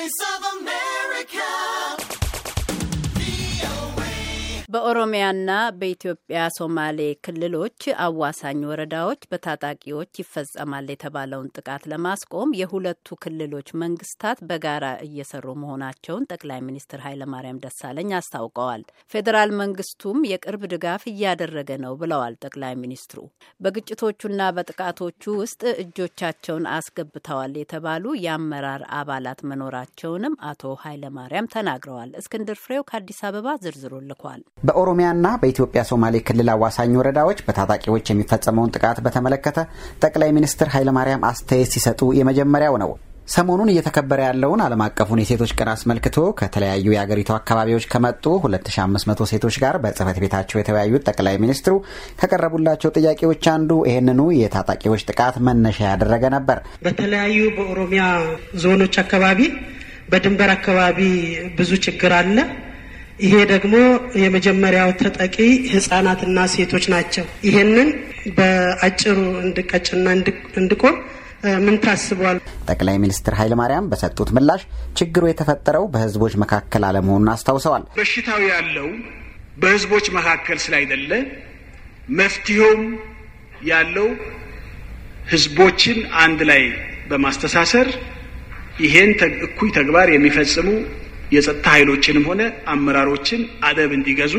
Voice of America. በኦሮሚያና በኢትዮጵያ ሶማሌ ክልሎች አዋሳኝ ወረዳዎች በታጣቂዎች ይፈጸማል የተባለውን ጥቃት ለማስቆም የሁለቱ ክልሎች መንግስታት በጋራ እየሰሩ መሆናቸውን ጠቅላይ ሚኒስትር ኃይለማርያም ደሳለኝ አስታውቀዋል። ፌዴራል መንግስቱም የቅርብ ድጋፍ እያደረገ ነው ብለዋል ጠቅላይ ሚኒስትሩ። በግጭቶቹና በጥቃቶቹ ውስጥ እጆቻቸውን አስገብተዋል የተባሉ የአመራር አባላት መኖራቸውንም አቶ ኃይለማርያም ተናግረዋል። እስክንድር ፍሬው ከአዲስ አበባ ዝርዝሩ ልኳል። በኦሮሚያና በኢትዮጵያ ሶማሌ ክልል አዋሳኝ ወረዳዎች በታጣቂዎች የሚፈጸመውን ጥቃት በተመለከተ ጠቅላይ ሚኒስትር ኃይለማርያም አስተያየት ሲሰጡ የመጀመሪያው ነው። ሰሞኑን እየተከበረ ያለውን ዓለም አቀፉን የሴቶች ቀን አስመልክቶ ከተለያዩ የአገሪቱ አካባቢዎች ከመጡ 2500 ሴቶች ጋር በጽህፈት ቤታቸው የተወያዩት ጠቅላይ ሚኒስትሩ ከቀረቡላቸው ጥያቄዎች አንዱ ይህንኑ የታጣቂዎች ጥቃት መነሻ ያደረገ ነበር። በተለያዩ በኦሮሚያ ዞኖች አካባቢ፣ በድንበር አካባቢ ብዙ ችግር አለ ይሄ ደግሞ የመጀመሪያው ተጠቂ ህጻናትና ሴቶች ናቸው። ይሄንን በአጭሩ እንድቀጭና እንድቆም ምን ታስቧል? ጠቅላይ ሚኒስትር ማርያም በሰጡት ምላሽ ችግሩ የተፈጠረው በህዝቦች መካከል አለመሆኑን አስታውሰዋል። በሽታው ያለው በህዝቦች መካከል ስላይደለ መፍትሄውም ያለው ህዝቦችን አንድ ላይ በማስተሳሰር ይሄን እኩይ ተግባር የሚፈጽሙ የጸጥታ ኃይሎችንም ሆነ አመራሮችን አደብ እንዲገዙ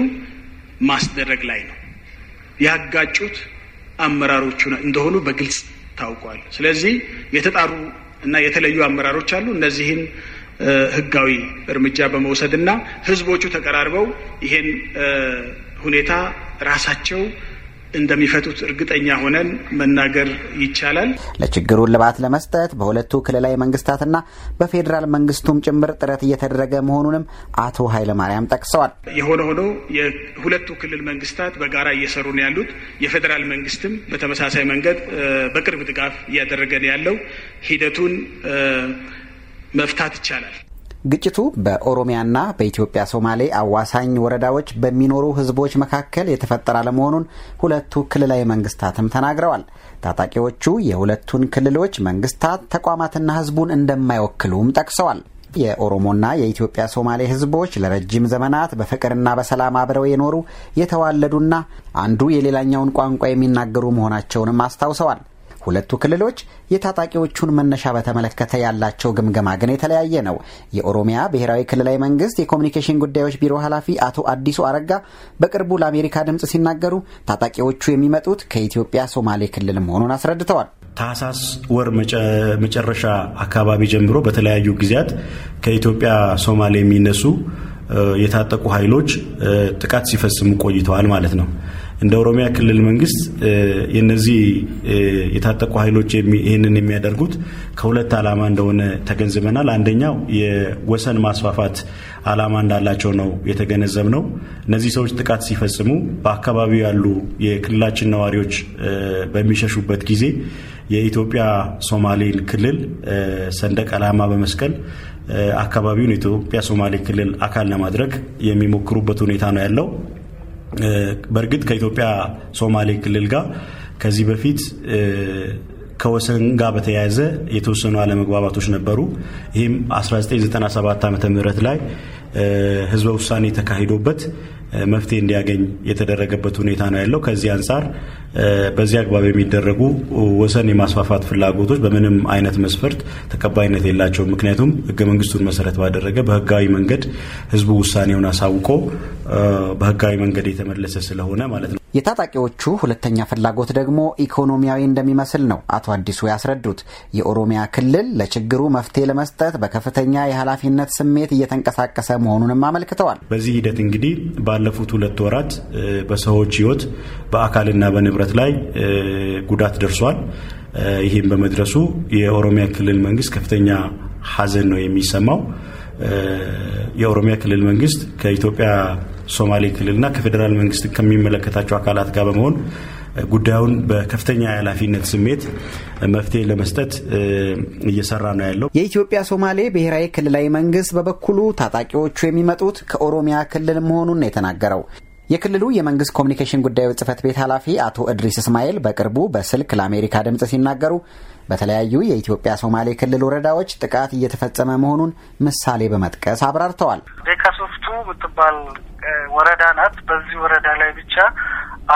ማስደረግ ላይ ነው። ያጋጩት አመራሮቹ እንደሆኑ በግልጽ ታውቋል። ስለዚህ የተጣሩ እና የተለዩ አመራሮች አሉ። እነዚህን ህጋዊ እርምጃ በመውሰድ እና ህዝቦቹ ተቀራርበው ይሄን ሁኔታ ራሳቸው እንደሚፈቱት እርግጠኛ ሆነን መናገር ይቻላል። ለችግሩ ልባት ለመስጠት በሁለቱ ክልላዊ መንግስታትና በፌዴራል መንግስቱም ጭምር ጥረት እየተደረገ መሆኑንም አቶ ኃይለማርያም ጠቅሰዋል። የሆነ ሆኖ የሁለቱ ክልል መንግስታት በጋራ እየሰሩ ነው ያሉት። የፌዴራል መንግስትም በተመሳሳይ መንገድ በቅርብ ድጋፍ እያደረገ ነው ያለው። ሂደቱን መፍታት ይቻላል። ግጭቱ በኦሮሚያና በኢትዮጵያ ሶማሌ አዋሳኝ ወረዳዎች በሚኖሩ ህዝቦች መካከል የተፈጠረ አለመሆኑን ሁለቱ ክልላዊ መንግስታትም ተናግረዋል። ታጣቂዎቹ የሁለቱን ክልሎች መንግስታት ተቋማትና ህዝቡን እንደማይወክሉም ጠቅሰዋል። የኦሮሞና የኢትዮጵያ ሶማሌ ህዝቦች ለረጅም ዘመናት በፍቅርና በሰላም አብረው የኖሩ የተዋለዱና አንዱ የሌላኛውን ቋንቋ የሚናገሩ መሆናቸውንም አስታውሰዋል። ሁለቱ ክልሎች የታጣቂዎቹን መነሻ በተመለከተ ያላቸው ግምገማ ግን የተለያየ ነው። የኦሮሚያ ብሔራዊ ክልላዊ መንግስት የኮሚኒኬሽን ጉዳዮች ቢሮ ኃላፊ አቶ አዲሱ አረጋ በቅርቡ ለአሜሪካ ድምፅ ሲናገሩ ታጣቂዎቹ የሚመጡት ከኢትዮጵያ ሶማሌ ክልል መሆኑን አስረድተዋል። ታህሳስ ወር መጨረሻ አካባቢ ጀምሮ በተለያዩ ጊዜያት ከኢትዮጵያ ሶማሌ የሚነሱ የታጠቁ ኃይሎች ጥቃት ሲፈጽሙ ቆይተዋል ማለት ነው። እንደ ኦሮሚያ ክልል መንግስት የነዚህ የታጠቁ ኃይሎች ይህንን የሚያደርጉት ከሁለት ዓላማ እንደሆነ ተገንዝበናል። አንደኛው የወሰን ማስፋፋት ዓላማ እንዳላቸው ነው የተገነዘብ ነው። እነዚህ ሰዎች ጥቃት ሲፈጽሙ በአካባቢው ያሉ የክልላችን ነዋሪዎች በሚሸሹበት ጊዜ የኢትዮጵያ ሶማሌ ክልል ሰንደቅ ዓላማ በመስቀል አካባቢውን የኢትዮጵያ ሶማሌ ክልል አካል ለማድረግ የሚሞክሩበት ሁኔታ ነው ያለው። በእርግጥ ከኢትዮጵያ ሶማሌ ክልል ጋር ከዚህ በፊት ከወሰን ጋር በተያያዘ የተወሰኑ አለመግባባቶች ነበሩ። ይህም 1997 ዓ ም ላይ ህዝበ ውሳኔ ተካሂዶበት መፍትሄ እንዲያገኝ የተደረገበት ሁኔታ ነው ያለው። ከዚህ አንጻር በዚህ አግባብ የሚደረጉ ወሰን የማስፋፋት ፍላጎቶች በምንም አይነት መስፈርት ተቀባይነት የላቸውም። ምክንያቱም ህገ መንግስቱን መሰረት ባደረገ በህጋዊ መንገድ ህዝቡ ውሳኔውን አሳውቆ በህጋዊ መንገድ የተመለሰ ስለሆነ ማለት ነው። የታጣቂዎቹ ሁለተኛ ፍላጎት ደግሞ ኢኮኖሚያዊ እንደሚመስል ነው አቶ አዲሱ ያስረዱት። የኦሮሚያ ክልል ለችግሩ መፍትሄ ለመስጠት በከፍተኛ የኃላፊነት ስሜት እየተንቀሳቀሰ መሆኑንም አመልክተዋል። በዚህ ሂደት እንግዲህ ባለፉት ሁለት ወራት በሰዎች ሕይወት በአካልና በንብረት ላይ ጉዳት ደርሷል። ይህም በመድረሱ የኦሮሚያ ክልል መንግስት ከፍተኛ ሐዘን ነው የሚሰማው። የኦሮሚያ ክልል መንግስት ከኢትዮጵያ ሶማሌ ክልልና ከፌዴራል መንግስት ከሚመለከታቸው አካላት ጋር በመሆን ጉዳዩን በከፍተኛ የኃላፊነት ስሜት መፍትሄ ለመስጠት እየሰራ ነው ያለው። የኢትዮጵያ ሶማሌ ብሔራዊ ክልላዊ መንግስት በበኩሉ ታጣቂዎቹ የሚመጡት ከኦሮሚያ ክልል መሆኑን የተናገረው የክልሉ የመንግስት ኮሚኒኬሽን ጉዳዮች ጽህፈት ቤት ኃላፊ አቶ እድሪስ እስማኤል በቅርቡ በስልክ ለአሜሪካ ድምፅ ሲናገሩ በተለያዩ የኢትዮጵያ ሶማሌ ክልል ወረዳዎች ጥቃት እየተፈጸመ መሆኑን ምሳሌ በመጥቀስ አብራርተዋል። ዴካሶፍቱ የምትባል ወረዳ ናት። በዚህ ወረዳ ላይ ብቻ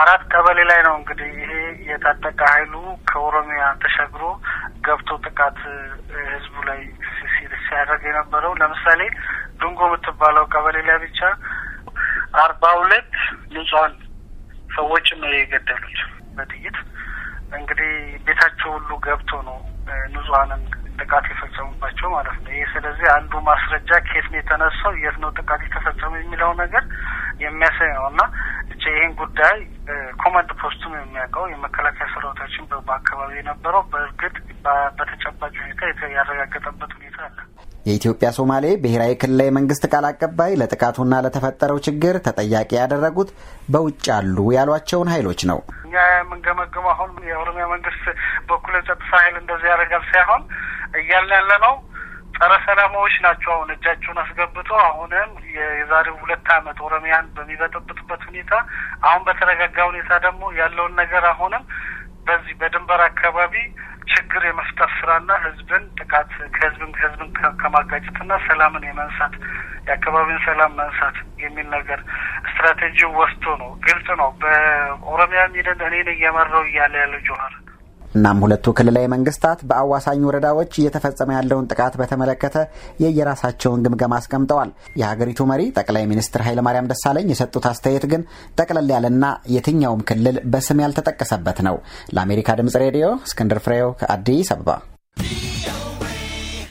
አራት ቀበሌ ላይ ነው እንግዲህ ይሄ የታጠቀ ኃይሉ ከኦሮሚያ ተሸግሮ ገብቶ ጥቃት ህዝቡ ላይ ሲያደርግ የነበረው። ለምሳሌ ድንጎ የምትባለው ቀበሌ ላይ ብቻ አርባ ሁለት ንጹሀን ሰዎች ነው የገደሉት በጥይት እንግዲህ ቤታቸው ሁሉ ገብቶ ነው ንጹሀንን ጥቃት የፈጸሙባቸው ማለት ነው። ይህ ስለዚህ አንዱ ማስረጃ ከየት ነው የተነሳው፣ የት ነው ጥቃት የተፈጸመው የሚለው ነገር የሚያሳይ ነው እና ብቻ ይህን ጉዳይ ኮማንድ ፖስቱም የሚያውቀው የመከላከያ ሰራዊታችን በአካባቢ የነበረው በእርግጥ የኢትዮጵያ ሶማሌ ብሔራዊ ክልላዊ መንግስት ቃል አቀባይ ለጥቃቱና ለተፈጠረው ችግር ተጠያቂ ያደረጉት በውጭ አሉ ያሏቸውን ኃይሎች ነው። እኛ የምንገመገመው አሁን የኦሮሚያ መንግስት በኩል የጸጥታ ኃይል እንደዚህ ያደርጋል ሳይሆን እያለ ያለ ነው ጸረ ሰላማዎች ናቸው። አሁን እጃቸውን አስገብቶ አሁንም የዛሬው ሁለት አመት ኦሮሚያን በሚበጠብጡበት ሁኔታ አሁን በተረጋጋ ሁኔታ ደግሞ ያለውን ነገር አሁንም በዚህ በድንበር አካባቢ ችግር የመፍታት ስራና ህዝብን ጥቃት ከህዝብን ህዝብን ከማጋጨትና ሰላምን የመንሳት የአካባቢን ሰላም መንሳት የሚል ነገር ስትራቴጂው ወስቶ ነው። ግልጽ ነው። በኦሮሚያ ሚደን እኔን እየመራው እያለ ያለ ጆሀር እናም ሁለቱ ክልላዊ መንግስታት በአዋሳኝ ወረዳዎች እየተፈጸመ ያለውን ጥቃት በተመለከተ የየራሳቸውን ግምገማ አስቀምጠዋል። የሀገሪቱ መሪ ጠቅላይ ሚኒስትር ኃይለማርያም ደሳለኝ የሰጡት አስተያየት ግን ጠቅለል ያለና የትኛውም ክልል በስም ያልተጠቀሰበት ነው። ለአሜሪካ ድምጽ ሬዲዮ እስክንድር ፍሬው ከአዲስ አበባ